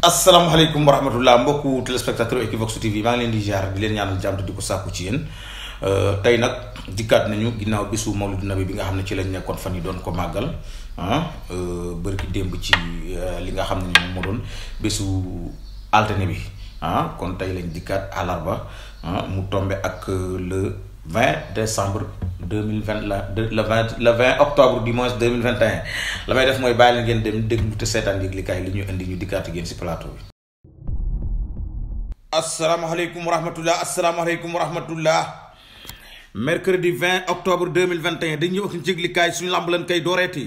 asalaamaaleykum wa rahmatullah mbokku téléspectateur Equivox TV maa ngi leen di jaar di leen ñaanal jàmm di ko sàkku ci yéen euh, tey nag dikkaat nañu ginnaaw bésu mawlid nabi bi nga xam ne ci lañ nekkoon fan yi doon ko màggal ah euh, bërki démb ci euh, li nga xam ne moom moo doon bésu altine bi ah, kon tey lañ dikkaat àllarba ah, mu tombe ak le 20 décembre deux mille vingt la le vingt le vingt octobre du mois deux mille vingt et la may def mooy bàyyi leen ngeen dem déglu te seetaan yëglikaay li ñu indi ñu dikkaat ak yéen si plateau bi. asalaamaaleykum wa rahmatulah asalaamaaleykum wa rahmatulah. mercredi 20 octobre mille 2021 dañ ñëw ak njëglikaay suñu lamb lañ koy dooreeti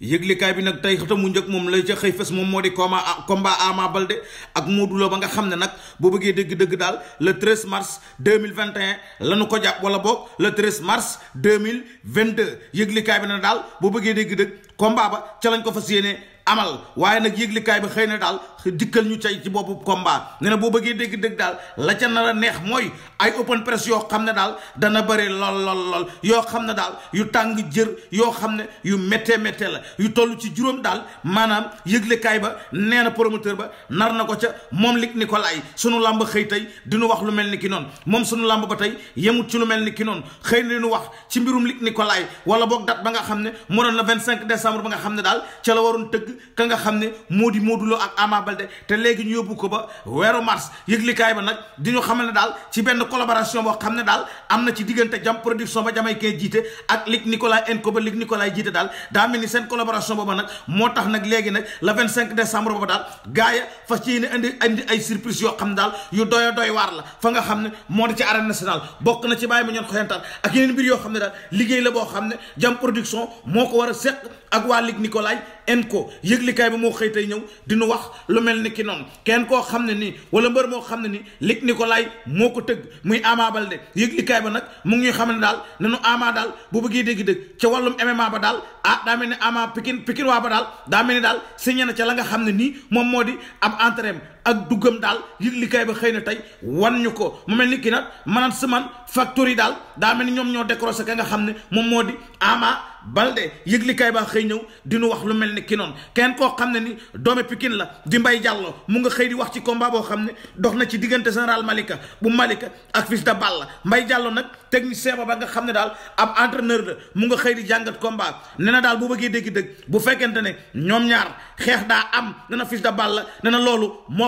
yëglekaay bi nag tey xëtamu njëkk moom la ca xëy fes moom moo di combat combat Ama Baldé ak Modou Lo ba nga xam ne nag boo bëggee dégg dëgg daal le 13 mars mille 2021 la nu ko jàpp wala boog le 13 mars 2022 yëglekaay bi nag daal boo bëggee dëgg-dëgg combat ba ca lañ ko fas yéenee amal waaye nag yëglikaay ba xëy na daal dikkal ñu cay ci boppu combat ne boo bëggee dégg dégg daal la ca nar a neex mooy ay open press yoo xam ne daal dana bëri lool lool lool yoo xam ne daal yu tàng jër yoo xam ne yu méttee méttee la yu toll ci juróom daal maanaam yëglekaay ba nee na promoteur ba nar na ko ca moom lig Nicolas sunu làmb xëy tey diñu wax lu mel ni ki noonu moom sunu làmb ba tey yemut ci lu mel ni ki noon xëy na diñu wax ci mbirum lig Nicolas wala boog date ba nga xam ne moo doon la cinq décembre ba nga xam ne daal ca la waroon tëgg ka nga xam ne moo di Modou ak Ama Baldé te léegi ñu yóbbu ko ba weeru mars yëglikaay ba nag di ñu xamal ne daal ci benn collaboration boo xam ne daal am na ci diggante jam production ba jamay kee jiite ak Luc Nicolaï Enco ba Luc Nicolaï jiite daal daa mel ni seen collaboration booba nag moo tax nag léegi nag le 25 décembre booba daal gars ya fas yéene indi indi ay surprise yoo xam ne daal yu doy doy waar la fa nga xam ne moo di ci arène nationale bokk na ci bàyyi ma ñoon xoyantaan ak yeneen mbir yoo xam ne daal liggéey la boo xam ne jam production moo ko war a seq ak waa Luc Nicolaï Enco yëglikaay bi moo xëy ñëw dina wax lu mel ni ki noonu kenn koo xam ne nii wala mbër moo xam ne nii ko Nicolas moo ko tëgg muy Ama de yëglikaay ba nag mu ngi xam ne daal nanu Ama daal bu bëggee dégg-dégg ca wàllum MMA ba daal ah daa mel ni Ama Pikine Pikine waa ba daal daa mel ni daal signé na ca la nga xam ne nii moom moo di ab entraînement ak duggam daal yëglikaay ba xëy na tey wan ñu ko mu mel ni ki nag maanaam semaine factory daal daa mel ni ñoom ñoo décroché ka nga xam ne moom moo di Ama Balde yëglikaay ba xëy ñëw dinu wax lu mel ni ki kenn koo xam ne ni doomi Pikine la di Mbay Jàllo mu nga xëy di wax ci combat boo xam ne dox na ci diggante général Malika bu Malika ak Fils de Balla Mbay Jàllo nag technicien ba ba nga xam ne daal ab entraîneur la mu nga xëy di jàngat combat nee daal bu bëggee dégg-dëgg bu fekkente ne ñoom ñaar xeex daa am dana Fils de Balla na loolu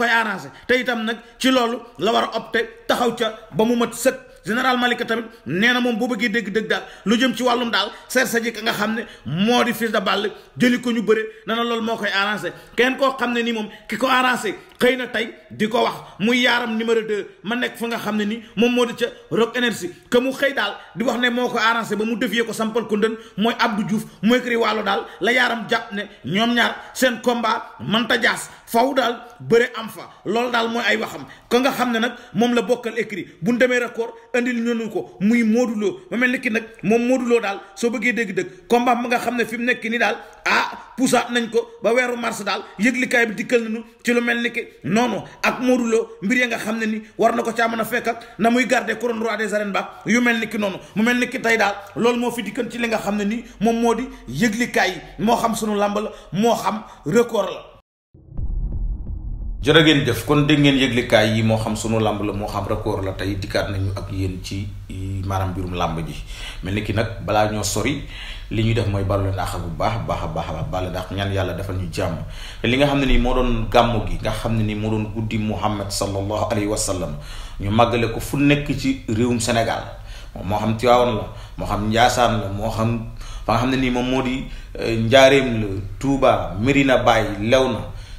koy arrangé te itam nag ci loolu la war a opté taxaw ca ba mu mat sët général Malika tamit nee na moom boo bëggee dëgg dëgg daal lu jëm ci wàllum daal seer sa ji nga xam ne moo di fils de balle jëli ko ñu bëre na na loolu moo koy arrangé kenn koo xam ne nii moom ki ko arrangé xëy na tey di ko wax muy yaaram numéro deux ma nekk fa nga xam ne ni moom moo di ca Rock Énergie que mu xëy daal di wax ne moo ko arrangé ba mu defee ko sampal ko ndën mooy Abdou Diouf mooy kri wàllu daal la yaaram jàpp ne ñoom ñaar seen combat manta jaas faw daal bëre am fa loolu daal mooy ay waxam ko nga xam ne nag moom la bokkal écrit bu ñu demee record andil ñonu ko muy Modou Lo mel ni ki nag moom Modou daal soo bëggee dégg-dëgg combat ma nga xam ne fi mu nekk nii daal ah pusaat nañ ko ba weeru mars daal yëglikaay bi dikkal nañu ci lu mel ni ki noonu ak Modou Lo mbir ya nga xam ne ni war na ko caa mën a fekk na muy garder couronne roi des arènes ba yu mel ni ki noonu mu mel ni ki tey daal loolu moo fi dikkan ci li nga xam ne ni moom moo di yëglikaay yi moo xam sunu làmb la moo xam record la. jërë ngeen kon dégg ngeen yëglikaay yi moo xam sunu làmb la moo xam record la tey dikkaat nañu ak yéen ci maanaam mbirum làmb ji mel ni ki nag balaa ñoo sori. li ñuy def mooy baalu naa àq bu baax baax a baax a baax leen ñaan yàlla defal ñu jàmm li nga xam ne nii moo doon gàmmu gi nga xam ne nii moo doon guddi Muhammad sallallahu alayhi wa sallam ñu màggale ko fu nekk ci réewum Sénégal moo xam Tivaouane la moo xam Njaasaan la moo xam fa nga xam ne nii moom moo di eh, Njaareem la tuubaa Touba Medina Baye Léona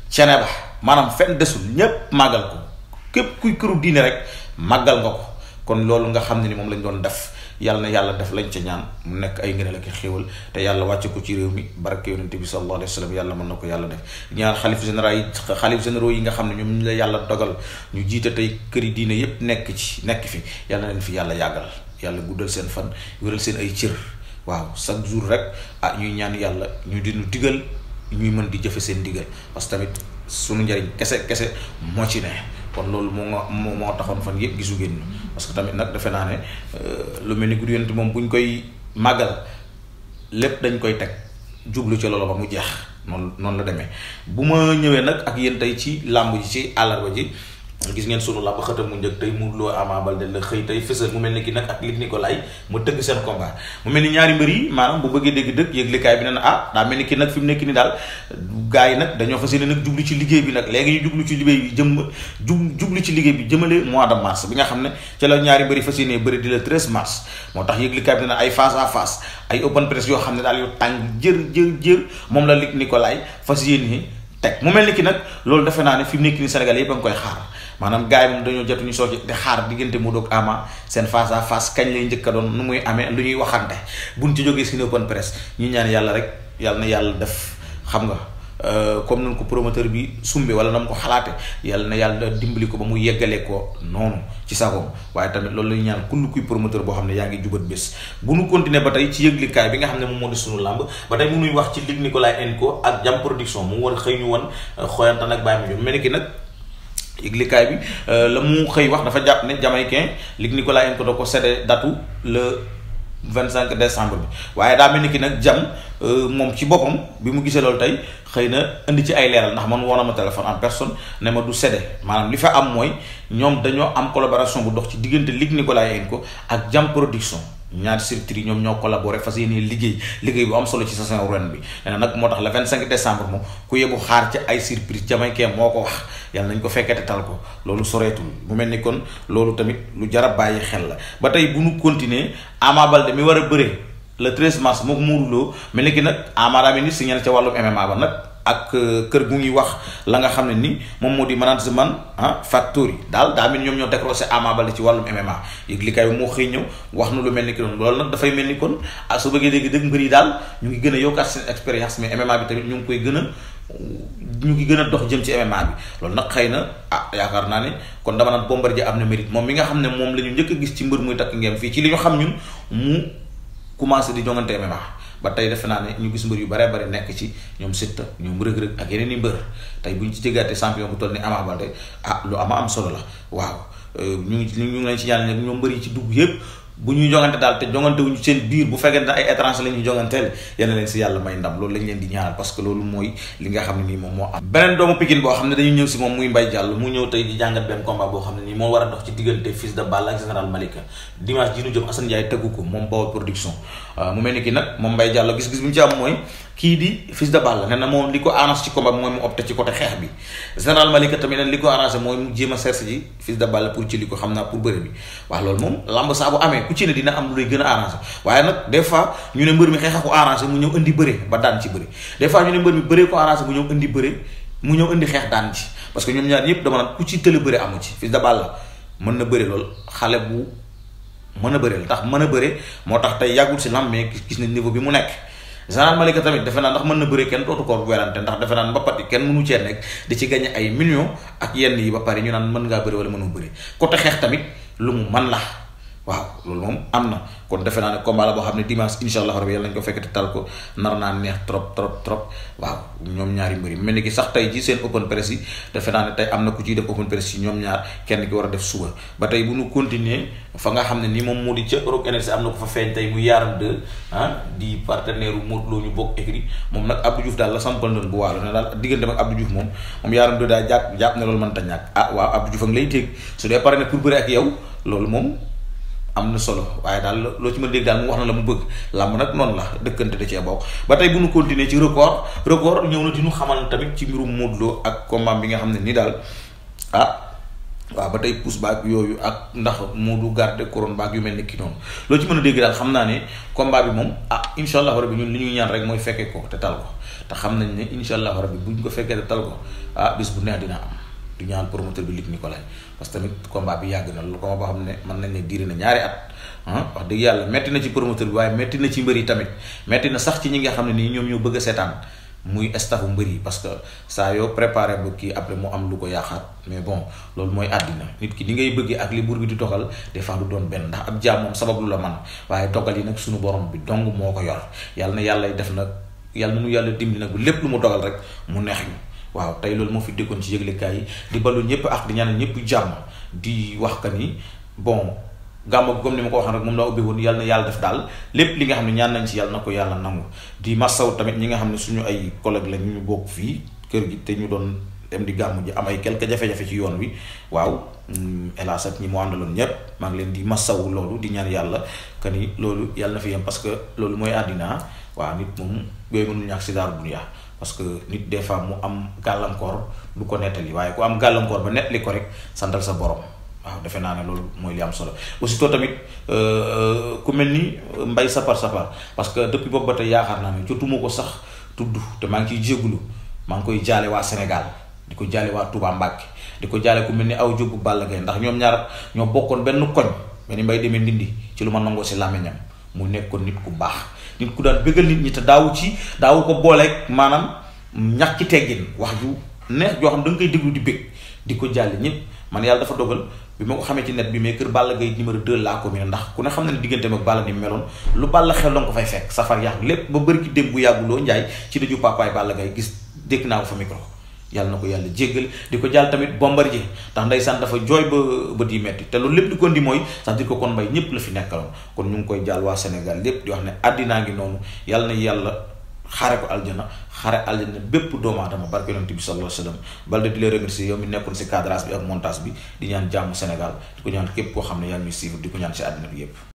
Ceneba maanaam fenn desul ñépp màggal ko képp kuy këru diine rek màggal nga ko kon loolu nga xam ne ni moom lañ doon def yàlla na yàlla def lañ ca ñaan mu nekk ay ngëneel ak xéewal te yàlla wàcce ko ci réew mi barke yonente bi sallallahu alayhi wa sallam yàlla mën na ko yàlla def ñaar xalif général yi xalif yi nga xam ne ñoom ñu la yàlla dogal ñu jiita tey këri diine yépp nekk ci nekk fi yàlla leen fi yàlla yàggal yàlla guddal seen fan wéral seen ay cër waaw chaque jour rek ah ñuy ñaan yàlla ñu dinu digal ñuy mën di jëfe seen digal parce que tamit sunu njariñ kese kese moo ci ne kon loolu moo moo taxoon fan yëpp gisu génn parce que tamit nag defe naa ne euh, lu mel ni guddi yonent moom bu ñu koy màggal lépp dañ koy teg jublu ci loolu ba mu jeex noonu noonu la demee bu ma ñëwee nag ak yéen tey ci làmb ji ci àllarba ji gis ngeen sunu làmb xëtam mu njëkk tey Modou Lo Ama Baldé la xëy tey fësal mu mel ni ki nag ak Luc Nicolaï mu tëgg seen combat mu mel ni ah, nekk ni daal gars yi nag dañoo fas yéene ci liggéey bi nag léegi ñu jublu ci liggéey bi jëmale mois de mars bi nga xam ne ci la ñaari mbër yi fas yéene bëri di le 13 mars moo tax ne na ay face à face ay open press yoo xam ne daal yu teg mu mel ni ki nag loolu defe naa ne fi mu nekk ni Sénégal yëpp a ngi koy xaar maanaam gars yi moom dañoo jotuñu soo ci te xaar diggante Modou ak Ama seen face à kañ lay njëkk a doon nu muy amee lu ñuy waxante buñ ci jógee seen open ñaan yàlla rek yàlla na yàlla def xam nga euh, comme nañ ko promoteur bi sumbe wala na mu ko xalaate yàlla na yàlla dimbali ko ba mu yeggalee ko noonu ci sagoom waaye tamit loolu lañu ñaan kull kuy promoteur boo xam ne yaa ngi jubat bés bu nu continuer ba tey ci yëglikaay bi nga xam ne moom moo di sunu làmb ba tey mu nuy wax ci Luc Nicolaï Enco ak jam production mu war xëy ñu woon euh, xoyantan ak bàyyi ma jom mel nag yëglikaay bi la mu xëy wax dafa jàpp ne jamaïcain Luc Nicolaï Nkodo ko séddee datu le vingt cinq décembre bi waaye daa mel ni ki nag jam moom ci boppam bi mu gisee loolu tey xëy na indi ci ay leeral ndax man woon na ma téléphone en personne ne ma du séddee maanaam li fa am mooy ñoom dañoo am collaboration bu dox ci diggante Luc Nicolaï Nkodo ak jam production. ñaari serviteurs yi ñoom ñoo collaboré fas yéene liggéey liggéey bu am solo ci saison ren bi nee na nag moo tax le 25 décembre moom ku yebu xaar ci ay surprise jamaykee moo ko wax yàlla nañ ko fekkete tal ko loolu soreetul mu mel ni kon loolu tamit lu jar a bàyyi xel la ba tey bu ñu continuer Ama Baldé mi war a bëre le 13 moo moom muuruloo mel ni nag Ama daa mel ni signalé ca wàllum MMA ba nag ak euh, kër gu ñuy wax la nga xam ne ni moom moo di manaan management ah factory daal daa mel ñoom ñoo décroché Ama Baldé ci wàllum MMA yëglikaay bi moo xëy ñëw wax na lu mel ni ki noonu loolu nag dafay mel ni kon ah su bëggee léegi mbër yi daal ñu ngi gën a yokkaat seen expérience mais MMA bi tamit ñu ngi koy gën a ñu ngi gën a dox jëm ci MMA bi loolu nag xëy na ah yaakaar naa ne kon dama naan Bombardier am na mérite moom mi nga xam ne moom la ñu njëkk a gis ci mbër muy takk ngeem fii ci li xam ñun mu commencé di jongante MMA ba tey defe naa ne ñu gis mbër yu bare bare nekk ci ñoom Siteu ñoom Reug Reug ak yeneen i mbër tey bu ñu ci jëgaatee champion bu toll ni Ama Baldé ah lu ama am solo la waaw euh, ñu ngi ñu ngi leen ci ñaan ñoom mbër yi ci dugg yépp bu ñuy jongante daal te jongante wuñu seen biir bu fekkente ne ay étranger la ñuy jonganteel yal leen si yàlla may ndam loolu lañ leen di ñaanal parce que loolu mooy li nga xam ne nii moom moo am beneen doomu Pikine boo xam ne dañu ñëw si moom muy Mbaye Diallo mu ñëw tey di jàngat benn combat boo xam ne nii moo war a dox ci diggante fils de Balla ak général Malika dimanche ji ñu jëm Assane Ndiaye tëggu ko moom Bawol production ah, mu mel ni ki nag moom Mbaye Diallo gis mooy kii di Fils de Balla nee na moom li ko arrangé ci combat mooy mu opté ci côté xeex bi général Malika tamit nen li ko arrangé mooy mu jéem a cherche ji de Balla pour ci li ko xam naa pour bëri bi waaw loolu moom lamb saa amee ku ci ne dina am lu lay gën a arrangé waaye nag des ñu ne mbër mi xeex ko arrangé mu ñëw indi bëre ba daan ci bëri des fois ñu ne mbër mi bëree ko arrangé mu ñëw indi bëre mu ñëw indi xeex daan ci parce que ñoom ñaar ñëpp dama na bëre lool xale bu mën a bëre la tax mën a bëre moo tax tey yàggul si lamb mais gis na niveau bi mu nekk général Malika tamit defe naa ndax mën na bëre kenn dootu ko werante ndax defe naa mbappat kenn mënu cee nekk di ci gagné ay millions ak yenn yi ba pare ñu naan mën ngaa bëri wala mënoo bëri côté xeex tamit lu mu man la waaw loolu moom am na kon defe naa ne combat la boo xam ne dimanche incha allah rabi yàlla nañu ko fekk te tal ko nar naa neex trop trop trop waaw ñoom ñaari mbir yi mel ni ki sax tey ji seen open press yi defe naa ne tey am na ku ciy def open press yi ñoom ñaar kenn ki war a def suba ba tey bu ñu continuer fa nga xam ne ni moom moo di ca Europe Energy am na ko fa feeñ tey mu yaaram de ah di partenaire u Modou Lo ñu bokk écrit moom nag Abdou Diouf daal la sampal doon bu waalo ne daal diggante ak Abdou Diouf moom moom yaaram de daal a ngi lay téeg su dee pare na moom am na solo waaye daal loo ci mën a dégg daal mu wax na la mu bëgg làmb nag noonu la dëkkante da cee bokk ba tey bu ñu continuer ci record record ñëw na di ñu xamal tamit ci mbirum Modou Lo ak combat bi nga xam ne nii daal ah. waaw ba tey pousse baak yooyu ak ndax moo du garde couronne baak yu mel ni ki loo ci mën a dégg xam naa ne combat bi moom ah incha allah rabbi ñun li ñuy ñaan rek mooy fekkee ko te tal ko te xam na ne incha allah rabbi buñ ko fekkee te tal ko ah bis bu neex dina am. di ñaan promoteur bi Luc Nicolaï parce que tamit combat bi yàgg na lu combat boo xam ne mën nañ ne diiri na ñaari at ah, wax dëgg yàlla metti na ci promoteur bi waaye metti na ci mbër yi tamit metti na sax ci ñi nga xam ne nii ñoom ñoo bëgg a seetaan muy staffu mbër yi parce que saa yoo préparé ba kii après mu am lu ko yaaxaat mais bon loolu mooy àddina nit ki li ngay bëggee ak li buur bi di dogal des fois du doon benn ndax ab jaam moom sabab lu la man waaye dogal yi nag suñu bi dong moo ko yor yàlla na yàlla def nag yàlla na nu yàlla dimbali nag bu lépp lu mu dogal rek mu neex ñu waaw tey loolu moo fi déggoon ci yëglekaay yi di balu ñëpp ak di ñaanal ñëpp jàmm di wax ka ni bon gàmmu comme ni mu ko waxoon rek moom laa ubbi woon yàlla yàlla def daal lépp li nga xam ne ñaan nañ ci yàlla na ko yàlla nangu di massaw tamit ñi nga xam ne suñu ay collègue la ñu bokk fii kër gi te ñu doon dem di gàmmu ji am ay quelques jafe-jafe ci yoon wi waaw mm, hélas ak ñi mu àndaloon ñëpp maa ngi leen di massaw loolu di ñaan yàlla que ni loolu yàlla na fi yem parce que loolu mooy àddina waaw nit moom yooyu mënul ñàkk si parce que nit des fois mu am gàllankoor du ko nettali waaye ku am gàllankoor ba nettali ko rek santal sa borom waaw defe naa ne loolu mooy li am solo aussitôt tamit euh, euh, ku mel ni euh, mbay sapar sapar parce que depuis boobu ba tey yaakaar naa ne jotuma ko sax tudd te maa ngi ciy jégalu maa ngi koy jaale waa Sénégal di ko jaale waa Touba Mbacke di ko jaale ku mel ni aw jóbu Balla Gaye ndax ñoom ñaar ñoo bokkoon benn koñ benn mbay demee ndindi ci lu ma nangoo si làmmiñam mu nekkoon nit ku baax nit ku daan bëggal nit ñi te daawu ci daawu ko booleeg maanaam ñax ki teggin wax ju neex joo xam da nga koy déglu di bëgg di ko jàll ñëpp man yàlla dafa dogal bi ma ko xamee ci net bi mais kër Balla Gaye numéro 2 laa ko mën ndax ku ne xam na ne diggante mag Balla ni meloon lu Balla xel la ko fay fekk safar yàqu lépp ba bëri ki démb bu yàgguloo njaay ci daju papaay Balla Gaye gis dégg naa ko fa micro yàlla na ko yàlla jéggal di ko jàll tamit Bombardier ndax ndeysaan dafa jooy ba di yi metti te loolu lépp di ko ndi mooy sax di ko kon mbay ñépp la fi nekkaloon kon ñu ngi koy jàll waa Sénégal lépp di wax ne àddinaa ngi noonu yàlla na yàlla xaare ko aljana xaare aljana bépp doomu aadama barke yonent bi sallallahu alayhi wa sallam Balde di leen remercier yow mi nekkoon si cadrage bi ak montage bi di ñaan jàmm Sénégal di ko ñaan képp koo xam ne yaa ngi ñuy suivre di ko ñaan si